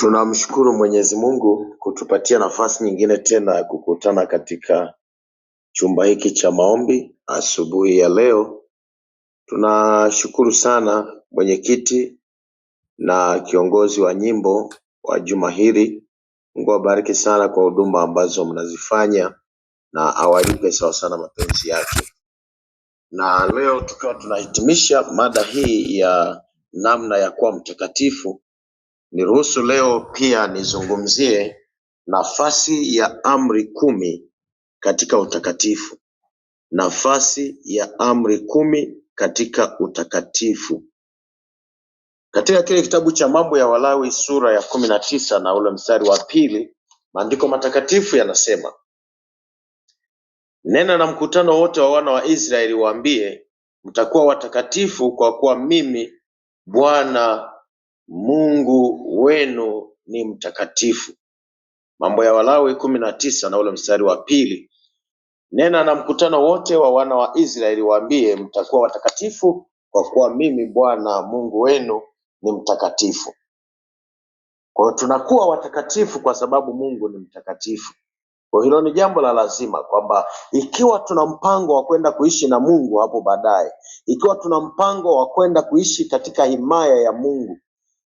Tunamshukuru mwenyezi Mungu kutupatia nafasi nyingine tena ya kukutana katika chumba hiki cha maombi asubuhi ya leo. Tunashukuru sana mwenyekiti na kiongozi wa nyimbo wa juma hili. Mungu abariki sana kwa huduma ambazo mnazifanya na awalipe sawa sana mapenzi yake. Na leo tukiwa tunahitimisha mada hii ya namna ya kuwa mtakatifu Niruhusu leo pia nizungumzie nafasi ya amri kumi katika utakatifu. Nafasi ya amri kumi katika utakatifu. Katika kile kitabu cha Mambo ya Walawi sura ya kumi na tisa na ule mstari wa pili, maandiko matakatifu yanasema, nena na mkutano wote wa wana wa Israeli waambie, mtakuwa watakatifu kwa kuwa mimi Bwana Mungu wenu ni mtakatifu. Mambo ya Walawi kumi na tisa na ule mstari wa pili, nena na mkutano wote wa wana wa Israeli waambie, mtakuwa watakatifu kwa kuwa mimi Bwana Mungu wenu ni mtakatifu. Kwa hiyo tunakuwa watakatifu kwa sababu Mungu ni mtakatifu. Kwa hilo ni jambo la lazima kwamba ikiwa tuna mpango wa kwenda kuishi na Mungu hapo baadaye, ikiwa tuna mpango wa kwenda kuishi katika himaya ya Mungu,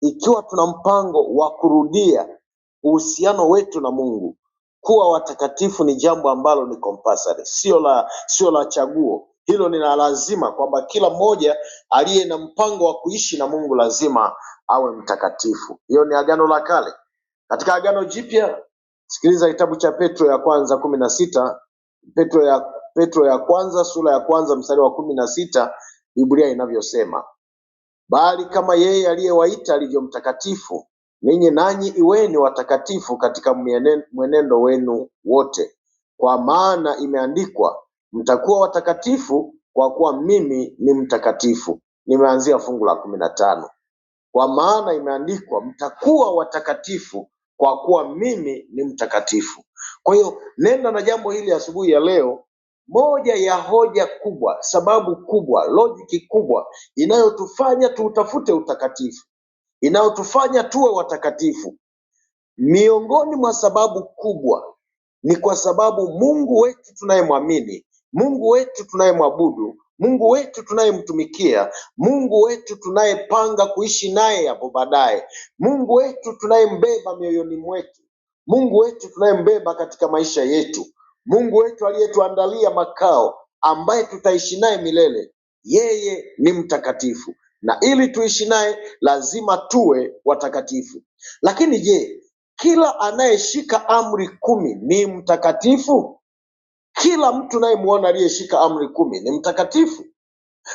ikiwa tuna mpango wa kurudia uhusiano wetu na Mungu, kuwa watakatifu ni jambo ambalo ni compulsory, sio la sio la chaguo. Hilo ni la lazima, kwamba kila mmoja aliye na mpango wa kuishi na Mungu lazima awe mtakatifu. Hiyo ni agano la kale. Katika agano jipya, sikiliza kitabu cha Petro ya kwanza kumi na sita Petro ya Petro ya kwanza sura ya kwanza mstari wa kumi na sita Biblia inavyosema bali kama yeye aliyewaita alivyo mtakatifu, ninyi nanyi iweni watakatifu katika mwenendo wenu wote, kwa maana imeandikwa, mtakuwa watakatifu kwa kuwa mimi ni mtakatifu. Nimeanzia fungu la kumi na tano. Kwa maana imeandikwa, mtakuwa watakatifu kwa kuwa mimi ni mtakatifu. Kwa hiyo nenda na jambo hili asubuhi ya leo moja ya hoja kubwa, sababu kubwa, lojiki kubwa inayotufanya tuutafute utakatifu, inayotufanya tuwe watakatifu. Miongoni mwa sababu kubwa ni kwa sababu Mungu wetu tunayemwamini, Mungu wetu tunayemwabudu, Mungu wetu tunayemtumikia, Mungu wetu tunayepanga kuishi naye hapo baadaye, Mungu wetu tunayembeba mioyoni mwetu, Mungu wetu tunayembeba katika maisha yetu, Mungu wetu aliyetuandalia makao, ambaye tutaishi naye milele, yeye ni mtakatifu, na ili tuishi naye lazima tuwe watakatifu. Lakini je, kila anayeshika amri kumi ni mtakatifu? Kila mtu unayemwona aliyeshika amri kumi ni mtakatifu?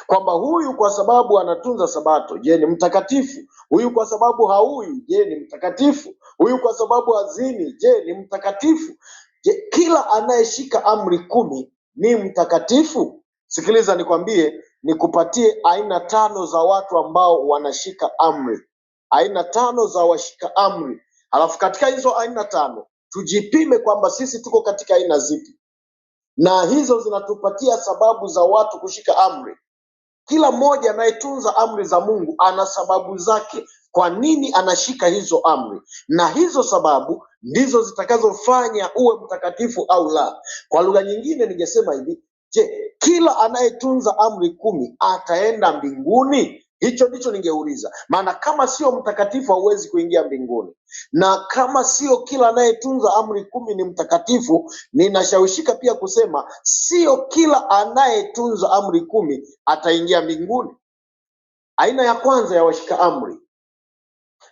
Kwamba huyu kwa sababu anatunza Sabato, je, ni mtakatifu? Huyu kwa sababu haui, je, ni mtakatifu? Huyu kwa sababu hazini, je, ni mtakatifu? Je, kila anayeshika amri kumi ni mtakatifu? Sikiliza nikwambie, nikupatie aina tano za watu ambao wanashika amri, aina tano za washika amri. Halafu katika hizo aina tano tujipime kwamba sisi tuko katika aina zipi, na hizo zinatupatia sababu za watu kushika amri. Kila mmoja anayetunza amri za Mungu ana sababu zake, kwa nini anashika hizo amri, na hizo sababu ndizo zitakazofanya uwe mtakatifu au la. Kwa lugha nyingine ningesema hivi, je, kila anayetunza amri kumi ataenda mbinguni? Hicho ndicho ningeuliza, maana kama sio mtakatifu hauwezi kuingia mbinguni, na kama sio kila anayetunza amri kumi ni mtakatifu, ninashawishika pia kusema sio kila anayetunza amri kumi ataingia mbinguni. Aina ya kwanza ya washika amri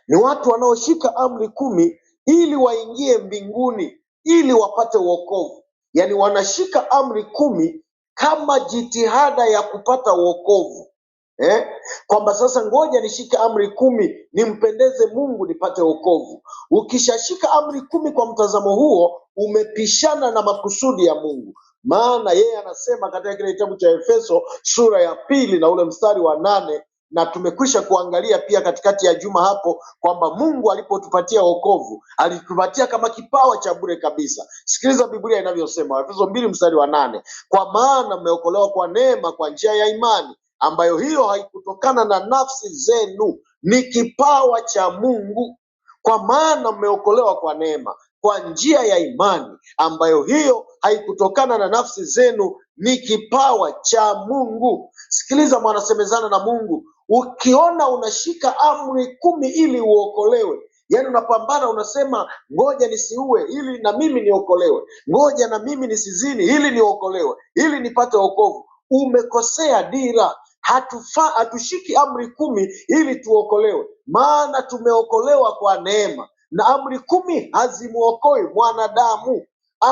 ni watu wanaoshika amri kumi ili waingie mbinguni, ili wapate wokovu. Yaani wanashika amri kumi kama jitihada ya kupata wokovu eh? Kwamba sasa ngoja nishike amri kumi nimpendeze Mungu nipate wokovu. Ukishashika amri kumi kwa mtazamo huo, umepishana na makusudi ya Mungu, maana yeye anasema katika kile kitabu cha Efeso sura ya pili na ule mstari wa nane na tumekwisha kuangalia pia katikati ya juma hapo kwamba Mungu alipotupatia wokovu alitupatia kama kipawa cha bure kabisa. Sikiliza Biblia inavyosema, Efeso mbili mstari wa nane kwa maana mmeokolewa kwa neema kwa njia ya imani ambayo hiyo haikutokana na nafsi zenu, ni kipawa cha Mungu, kwa maana mmeokolewa kwa neema kwa njia ya imani ambayo hiyo haikutokana na nafsi zenu, ni kipawa cha Mungu. Sikiliza, mwanasemezana na Mungu, ukiona unashika amri kumi ili uokolewe yaani unapambana unasema ngoja nisiue ili na mimi niokolewe ngoja na mimi nisizini ili niokolewe ili nipate wokovu umekosea dira hatushiki amri kumi ili tuokolewe maana tumeokolewa kwa neema na amri kumi hazimwokoi mwanadamu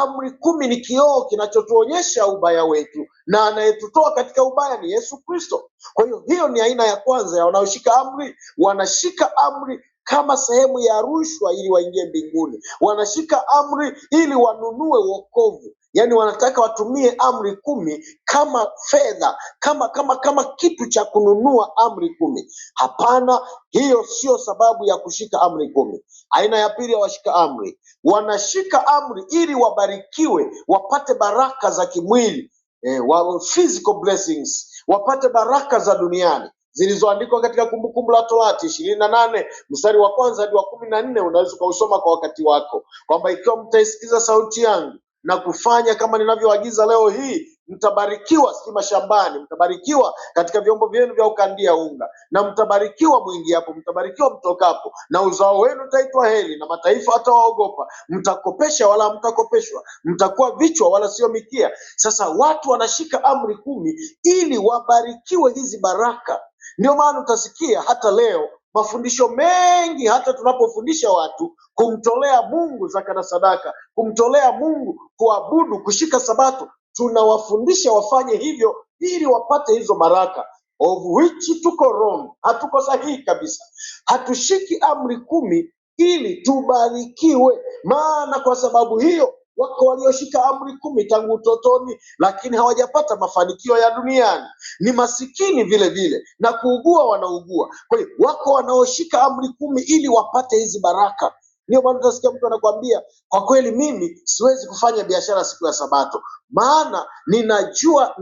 Amri kumi ni kioo kinachotuonyesha ubaya wetu, na anayetutoa katika ubaya ni Yesu Kristo. Kwa hiyo, hiyo ni aina ya kwanza ya wanaoshika amri. Wanashika amri kama sehemu ya rushwa ili waingie mbinguni. Wanashika amri ili wanunue wokovu yaani wanataka watumie amri kumi kama fedha kama kama kama kitu cha kununua amri kumi. Hapana, hiyo sio sababu ya kushika amri kumi. Aina ya pili ya washika amri, wanashika amri ili wabarikiwe, wapate baraka za kimwili eh, wa, physical blessings, wapate baraka za duniani zilizoandikwa katika Kumbukumbu la Torati ishirini na nane mstari wa kwanza hadi wa kumi na nne unaweza ukausoma kwa wakati wako, kwamba ikiwa mtaisikiza sauti yangu na kufanya kama ninavyoagiza leo hii, mtabarikiwa si mashambani, mtabarikiwa katika vyombo vyenu vya ukandia unga, na mtabarikiwa mwingiapo, mtabarikiwa mtokapo, na uzao wenu utaitwa heli, na mataifa atawaogopa Mtakopesha wala mtakopeshwa, mtakuwa vichwa wala sio mikia. Sasa watu wanashika amri kumi ili wabarikiwe hizi baraka. Ndio maana utasikia hata leo mafundisho mengi, hata tunapofundisha watu kumtolea Mungu zaka na sadaka, kumtolea Mungu, kuabudu, kushika Sabato, tunawafundisha wafanye hivyo ili wapate hizo baraka. Of which tuko wrong, hatuko sahihi kabisa. Hatushiki amri kumi ili tubarikiwe, maana kwa sababu hiyo Wako walioshika amri kumi tangu utotoni, lakini hawajapata mafanikio ya duniani, ni masikini vile vile, na kuugua wanaugua. Kwa hiyo wako wanaoshika amri kumi ili wapate hizi baraka. Ndio maana utasikia mtu anakuambia, kwa kweli mimi siwezi kufanya biashara siku ya Sabato, maana ninajua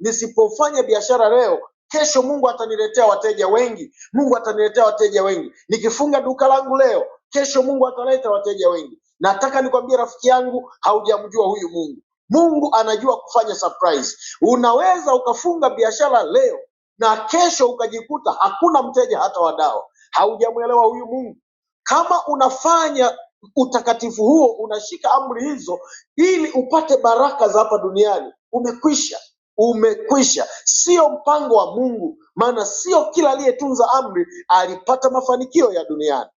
nisipofanya biashara leo kesho Mungu ataniletea wateja wengi, Mungu ataniletea wateja wengi. Nikifunga duka langu leo, kesho Mungu ataleta wateja wengi. Nataka nikwambie rafiki yangu, haujamjua huyu Mungu. Mungu anajua kufanya surprise. Unaweza ukafunga biashara leo na kesho ukajikuta hakuna mteja hata wa dawa. Haujamwelewa huyu Mungu. Kama unafanya utakatifu huo, unashika amri hizo ili upate baraka za hapa duniani, umekwisha umekwisha. Sio mpango wa Mungu, maana sio kila aliyetunza amri alipata mafanikio ya duniani.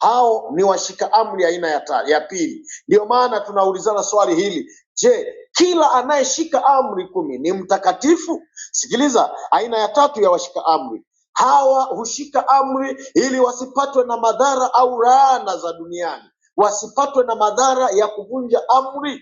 Hao ni washika amri aina ya, ya, ya pili. Ndiyo maana tunaulizana swali hili, je, kila anayeshika amri kumi ni mtakatifu? Sikiliza aina ya tatu ya washika amri hawa hushika amri ili wasipatwe na madhara au laana za duniani, wasipatwe na madhara ya kuvunja amri.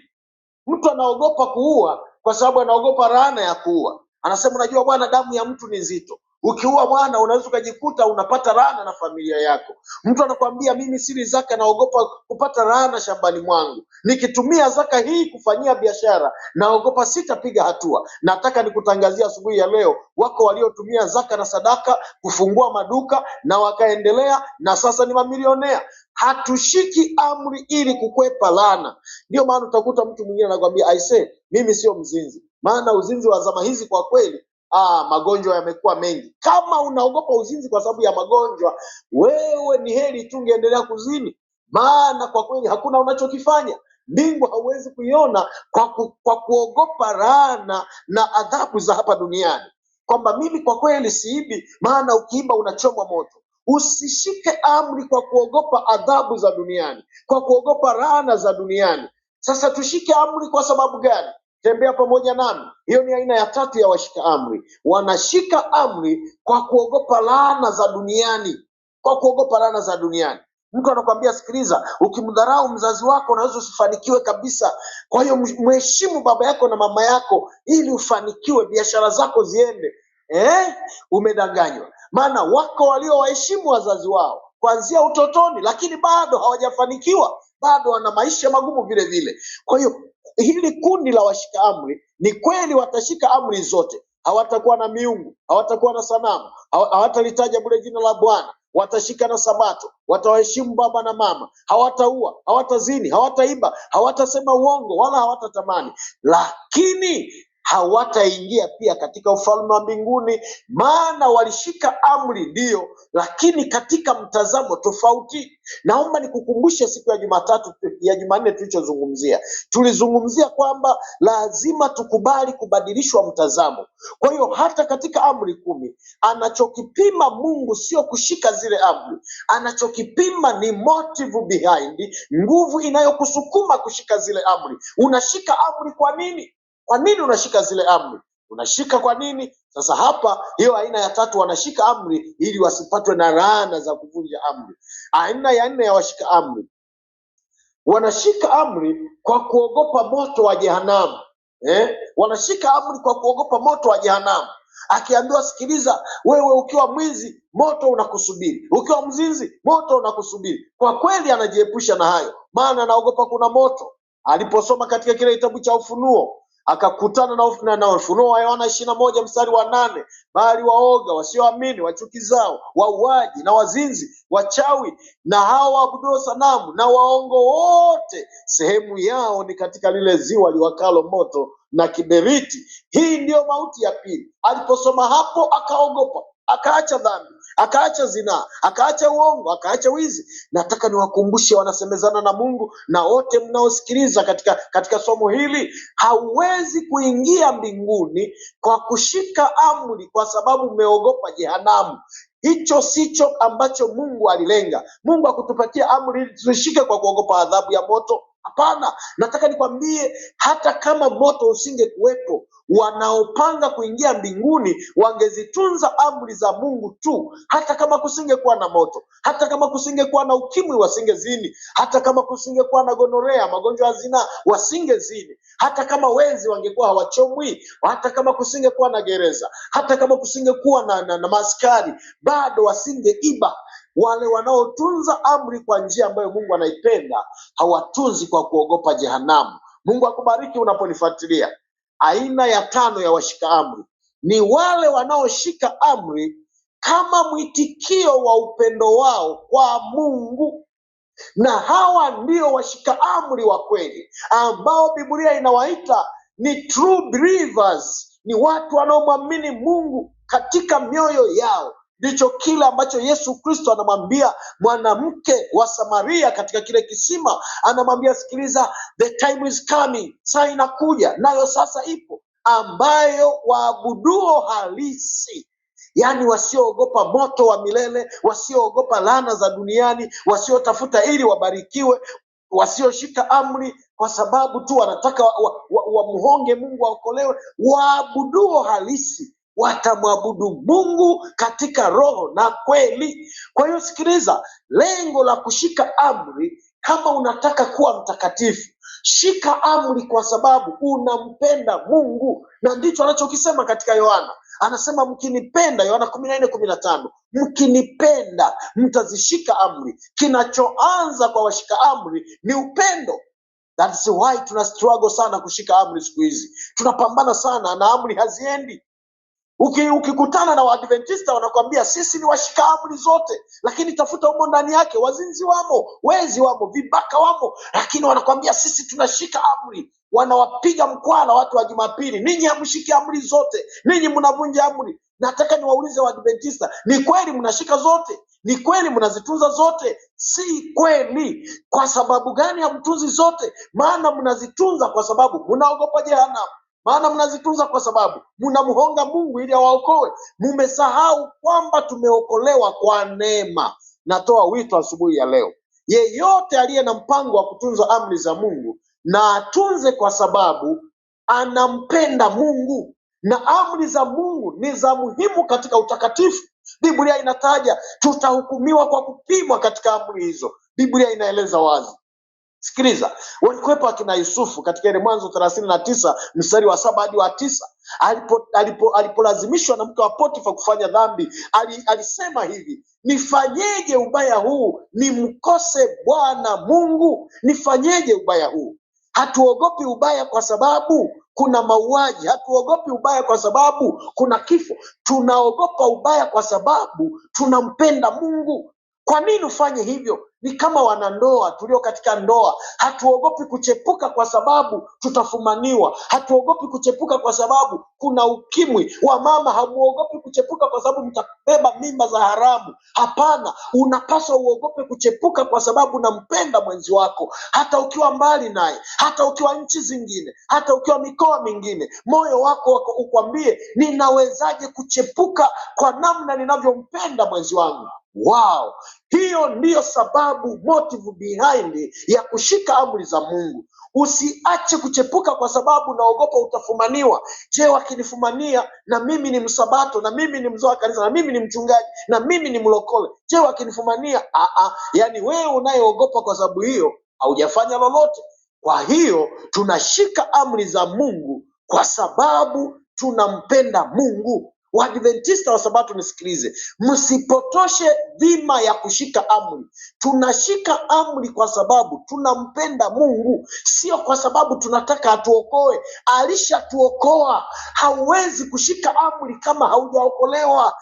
Mtu anaogopa kuua kwa sababu anaogopa laana ya kuua. Anasema, unajua bwana, damu ya mtu ni nzito. Ukiua mwana unaweza ukajikuta unapata laana na familia yako. Mtu anakwambia mimi siri zaka, naogopa kupata laana shambani mwangu, nikitumia zaka hii kufanyia biashara naogopa sitapiga hatua. Nataka nikutangazia asubuhi ya leo, wako waliotumia zaka na sadaka kufungua maduka na wakaendelea, na sasa ni mamilionea. Hatushiki amri ili kukwepa laana. Ndio maana utakuta mtu mwingine anakwambia aisee, mimi sio mzinzi. Maana uzinzi wa zama hizi kwa kweli ah, magonjwa yamekuwa mengi. Kama unaogopa uzinzi kwa sababu ya magonjwa, wewe ni heri tu ungeendelea kuzini, maana kwa kweli hakuna unachokifanya. Mbingu hauwezi kuiona kwa, ku, kwa kuogopa laana na adhabu za hapa duniani, kwamba mimi kwa kweli siibi, maana ukiiba unachomwa moto. Usishike amri kwa kuogopa adhabu za duniani, kwa kuogopa laana za duniani. Sasa tushike amri kwa sababu gani? tembea pamoja nami. Hiyo ni aina ya tatu ya washika amri. Wanashika amri kwa kuogopa laana za duniani, kwa kuogopa laana za duniani. Mtu anakwambia sikiliza, ukimdharau mzazi wako unaweza usifanikiwe kabisa. Kwa hiyo mheshimu baba yako na mama yako ili ufanikiwe, biashara zako ziende. Eh, umedanganywa, maana wako waliowaheshimu wazazi wao kuanzia utotoni, lakini bado hawajafanikiwa, bado wana maisha magumu vile vile. Kwa hiyo hili kundi la washika amri ni kweli watashika amri zote, hawatakuwa na miungu, hawatakuwa na sanamu, hawatalitaja bure jina la Bwana, watashika na Sabato, watawaheshimu baba na mama, hawataua, hawatazini, hawataiba, hawatasema uongo wala hawatatamani. Lakini hawataingia pia katika ufalme wa mbinguni, maana walishika amri, ndiyo, lakini katika mtazamo tofauti. Naomba nikukumbushe siku ya Jumatatu ya Jumanne tulichozungumzia, tulizungumzia kwamba lazima tukubali kubadilishwa mtazamo. Kwa hiyo hata katika amri kumi anachokipima Mungu sio kushika zile amri, anachokipima ni motive behind, nguvu inayokusukuma kushika zile amri. Unashika amri kwa nini? Kwa nini unashika zile amri? Unashika kwa nini? Sasa hapa, hiyo aina ya tatu wanashika amri ili wasipatwe na laana za kuvunja amri. Aina ya nne ya washika amri, wanashika amri kwa kuogopa moto wa jehanamu. Eh? Wanashika amri kwa kuogopa moto wa jehanamu. Akiambiwa sikiliza, wewe ukiwa mwizi moto unakusubiri, ukiwa mzinzi moto unakusubiri. Kwa kweli anajiepusha na hayo, maana anaogopa kuna moto. Aliposoma katika kile kitabu cha Ufunuo akakutana na hofu na nao. Ufunuo Yohana ishirini na moja mstari wa nane bali waoga, wasioamini, wachuki zao, wauaji na wazinzi, wachawi na hawa waabuduo sanamu na waongo wote, sehemu yao ni katika lile ziwa liwakalo moto na kiberiti. Hii ndiyo mauti ya pili. Aliposoma hapo akaogopa akaacha dhambi, akaacha zinaa, akaacha uongo, akaacha wizi. Nataka niwakumbushe wanasemezana na Mungu na wote mnaosikiliza katika, katika somo hili, hauwezi kuingia mbinguni kwa kushika amri kwa sababu umeogopa jehanamu. Hicho sicho ambacho Mungu alilenga. Mungu akutupatia amri ili tuzishike kwa kuogopa adhabu ya moto Hapana, nataka nikwambie, hata kama moto usingekuwepo, wanaopanga kuingia mbinguni wangezitunza amri za Mungu tu. Hata kama kusingekuwa na moto, hata kama kusingekuwa na ukimwi, wasingezini. Hata kama kusingekuwa na gonorea, magonjwa ya zinaa, wasingezini. Hata kama wezi wangekuwa hawachomwi, hata kama kusingekuwa na gereza, hata kama kusingekuwa na, na, na maskari, bado wasingeiba wale wanaotunza amri kwa njia ambayo Mungu anaipenda hawatunzi kwa kuogopa jehanamu. Mungu akubariki unaponifuatilia. Aina ya tano ya washika amri ni wale wanaoshika amri kama mwitikio wa upendo wao kwa Mungu, na hawa ndio washika amri wa kweli ambao Biblia inawaita ni true believers, ni watu wanaomwamini Mungu katika mioyo yao ndicho kile ambacho Yesu Kristo anamwambia mwanamke wa Samaria katika kile kisima, anamwambia sikiliza, the time is coming, saa inakuja nayo sasa ipo, ambayo waabuduo halisi yaani wasioogopa moto wa milele, wasioogopa lana za duniani, wasiotafuta ili wabarikiwe, wasioshika amri kwa sababu tu wanataka wamhonge wa, wa, wa Mungu waokolewe, waabuduo halisi watamwabudu Mungu katika roho na kweli. Kwa hiyo sikiliza, lengo la kushika amri, kama unataka kuwa mtakatifu, shika amri kwa sababu unampenda Mungu, na ndicho anachokisema katika Yohana anasema mkinipenda, Yohana kumi na nne kumi na tano mkinipenda mtazishika amri. Kinachoanza kwa washika amri ni upendo. That's why tuna struggle sana kushika amri siku hizi, tunapambana sana na amri haziendi. Uki, ukikutana na waadventista wanakuambia sisi ni washika amri zote, lakini tafuta humo ndani yake wazinzi wamo, wezi wamo, vibaka wamo, lakini wanakuambia sisi tunashika amri. Wanawapiga mkwala watu wa Jumapili, ninyi hamshiki amri zote, ninyi mnavunja amri. Nataka niwaulize Waadventista, ni kweli mnashika zote? Ni kweli mnazitunza zote? Si kweli. Kwa sababu gani hamtunzi zote? Maana mnazitunza kwa sababu mnaogopa jehanamu maana mnazitunza kwa sababu mnamhonga Mungu ili awaokoe. Mmesahau kwamba tumeokolewa kwa neema. Natoa wito asubuhi ya leo, yeyote aliye na mpango wa kutunza amri za Mungu na atunze, kwa sababu anampenda Mungu na amri za Mungu ni za muhimu katika utakatifu. Biblia inataja tutahukumiwa kwa kupimwa katika amri hizo. Biblia inaeleza wazi Sikiliza, walikuwepo akina Yusufu katika ile Mwanzo thelathini na tisa mstari wa saba hadi wa tisa alipo, alipo, alipolazimishwa na mke wa Potifa kufanya dhambi ali, alisema hivi, nifanyeje ubaya huu nimkose Bwana Mungu? Nifanyeje ubaya huu? Hatuogopi ubaya kwa sababu kuna mauaji, hatuogopi ubaya kwa sababu kuna kifo. Tunaogopa ubaya kwa sababu tunampenda Mungu. Kwa nini ufanye hivyo? Ni kama wanandoa tulio katika ndoa, hatuogopi kuchepuka kwa sababu tutafumaniwa, hatuogopi kuchepuka kwa sababu kuna ukimwi. wa mama hamuogopi kuchepuka kwa sababu mtabeba mimba za haramu. Hapana, unapaswa uogope kuchepuka kwa sababu unampenda mwenzi wako, hata ukiwa mbali naye, hata ukiwa nchi zingine, hata ukiwa mikoa mingine, moyo wako ukwambie, ninawezaje kuchepuka kwa namna ninavyompenda mwenzi wangu wao. Hiyo ndiyo sababu motive behind ya kushika amri za Mungu. Usiache kuchepuka kwa sababu naogopa utafumaniwa. Je, wakinifumania na mimi ni msabato na mimi ni mzoa kanisa na mimi ni mchungaji na mimi ni mlokole, je wakinifumania? Aa, yani wewe unayeogopa kwa sababu hiyo haujafanya lolote. Kwa hiyo tunashika amri za Mungu kwa sababu tunampenda Mungu. Waadventista wa Sabato nisikilize, msipotoshe dhima ya kushika amri. Tunashika amri kwa sababu tunampenda Mungu, sio kwa sababu tunataka atuokoe. Alishatuokoa. Hauwezi kushika amri kama haujaokolewa.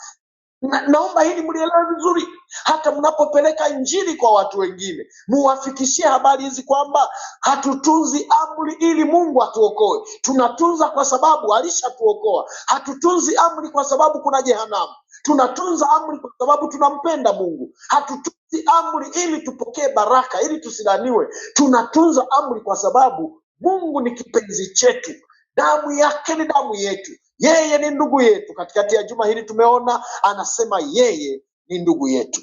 Na, naomba hili mlielewe vizuri. Hata mnapopeleka injili kwa watu wengine, muwafikishie habari hizi kwamba hatutunzi amri ili Mungu atuokoe, tunatunza kwa sababu alishatuokoa. Hatutunzi amri kwa sababu kuna jehanamu, tunatunza amri kwa sababu tunampenda Mungu. Hatutunzi amri ili tupokee baraka, ili tusidaniwe tunatunza amri kwa sababu Mungu ni kipenzi chetu, damu yake ni damu yetu yeye ni ndugu yetu. Katikati ya juma hili tumeona anasema yeye ni ndugu yetu.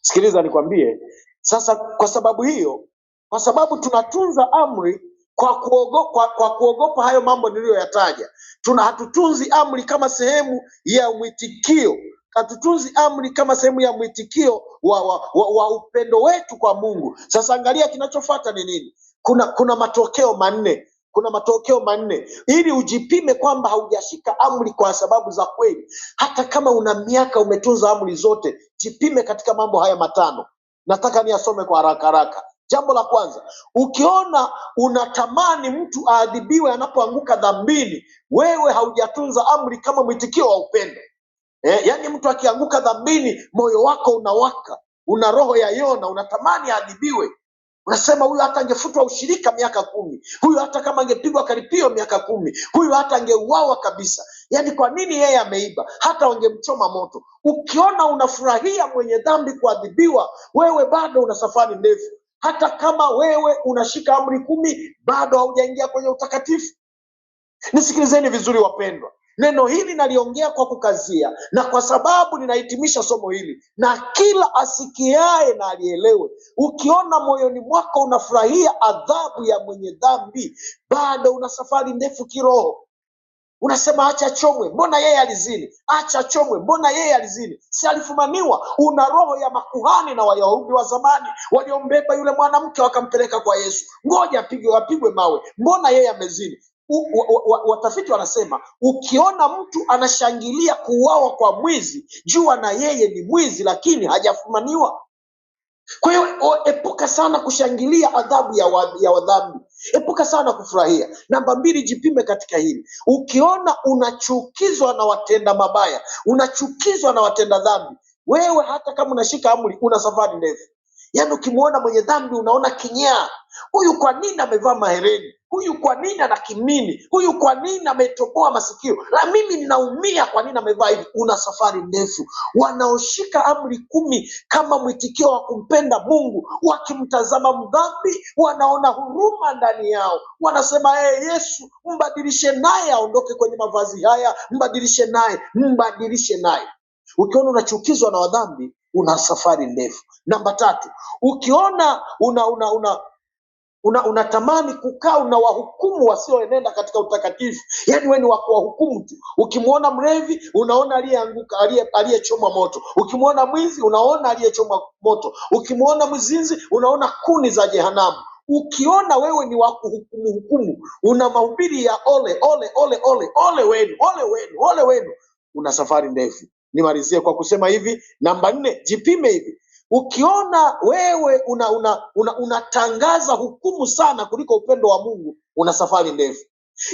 Sikiliza nikwambie sasa, kwa sababu hiyo, kwa sababu tunatunza amri kwa kuogopa, kwa, kwa kuogopa hayo mambo niliyoyataja, tuna hatutunzi amri kama sehemu ya mwitikio hatutunzi amri kama sehemu ya mwitikio wa, wa, wa, wa upendo wetu kwa Mungu. Sasa angalia kinachofuata ni nini? Kuna kuna matokeo manne kuna matokeo manne, ili ujipime kwamba haujashika amri kwa sababu za kweli. Hata kama una miaka umetunza amri zote, jipime katika mambo haya matano. Nataka niyasome kwa haraka haraka. Jambo la kwanza, ukiona unatamani mtu aadhibiwe anapoanguka dhambini, wewe haujatunza amri kama mwitikio wa upendo. Eh, yaani mtu akianguka dhambini, moyo wako unawaka, una roho ya Yona, unatamani aadhibiwe Unasema huyu hata angefutwa ushirika miaka kumi, huyu hata kama angepigwa karipio miaka kumi, huyu hata angeuawa kabisa. Yaani, kwa nini yeye ameiba? Hata wangemchoma moto. Ukiona unafurahia mwenye dhambi kuadhibiwa, wewe bado una safari ndefu. Hata kama wewe unashika amri kumi, bado haujaingia kwenye utakatifu. Nisikilizeni vizuri, wapendwa, Neno hili naliongea kwa kukazia, na kwa sababu ninahitimisha somo hili, na kila asikiaye na alielewe. Ukiona moyoni mwako unafurahia adhabu ya mwenye dhambi, bado una safari ndefu kiroho. Unasema acha chomwe, mbona yeye alizini? Acha chomwe, mbona yeye alizini? Si alifumaniwa? Una roho ya makuhani na Wayahudi wa zamani waliombeba yule mwanamke wakampeleka kwa Yesu, ngoja apigwe, apigwe mawe, mbona yeye amezini? watafiti wanasema ukiona mtu anashangilia kuuawa kwa mwizi, jua na yeye ni mwizi, lakini hajafumaniwa. Kwa hiyo epuka sana kushangilia adhabu ya, wa, ya wadhambi. Epuka sana kufurahia. Namba mbili, jipime katika hili. Ukiona unachukizwa na watenda mabaya, unachukizwa na watenda dhambi, wewe hata kama unashika amri, una safari ndefu. Yaani ukimwona mwenye dhambi unaona kinyaa, huyu kwa nini amevaa mahereni? huyu kwa nini kimini Huyu kwa nini ametoboa masikio? La, mimi ninaumia, kwa nini amevaa hivi? Una safari ndefu. Wanaoshika amri kumi kama mwitikio wa kumpenda Mungu, wakimtazama mdhambi, wanaona huruma ndani yao, wanasema ee, eh, hey, Yesu mbadilishe naye, aondoke kwenye mavazi haya, mbadilishe naye, mbadilishe naye. Ukiona unachukizwa na wadhambi una safari ndefu. Namba tatu, ukiona una una una una, unatamani kukaa wahukumu wasioenenda katika utakatifu. Yaani wewe ni wa kuwahukumu tu. Ukimwona mlevi unaona aliyeanguka, aliyechomwa moto. Ukimwona mwizi unaona aliyechomwa moto. Ukimwona mzinzi unaona kuni za jehanamu. Ukiona wewe ni wa kuhukumu hukumu, una mahubiri ya ole ole ole ole ole wenu ole wenu ole wenu, una safari ndefu. Nimalizie kwa kusema hivi, namba nne, jipime hivi Ukiona wewe unatangaza una, una, una hukumu sana kuliko upendo wa Mungu, una safari ndefu.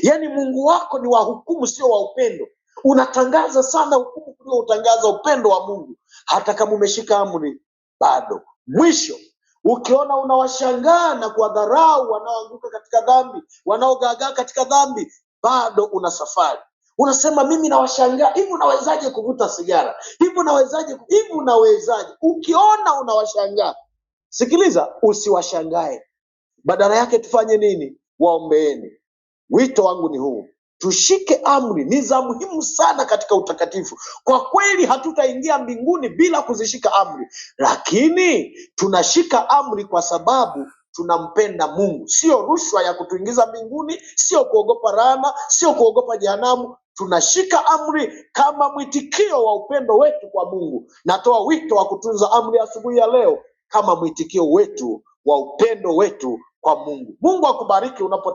Yaani Mungu wako ni wa hukumu, sio wa upendo. Unatangaza sana hukumu kuliko utangaza upendo wa Mungu, hata kama umeshika amri bado. Mwisho, ukiona unawashangaa na kuwadharau wanaoanguka katika dhambi, wanaogaagaa katika dhambi, bado una safari unasema mimi nawashangaa hivi unawezaje kuvuta sigara hivi unawezaje hivi unawezaje ukiona unawashangaa sikiliza usiwashangae badala yake tufanye nini waombeeni wito wangu ni huu tushike amri ni za muhimu sana katika utakatifu kwa kweli hatutaingia mbinguni bila kuzishika amri lakini tunashika amri kwa sababu tunampenda mungu sio rushwa ya kutuingiza mbinguni sio kuogopa rana sio kuogopa jehanamu tunashika amri kama mwitikio wa upendo wetu kwa Mungu. Natoa wito wa kutunza amri asubuhi ya leo kama mwitikio wetu wa upendo wetu kwa Mungu. Mungu akubariki unapo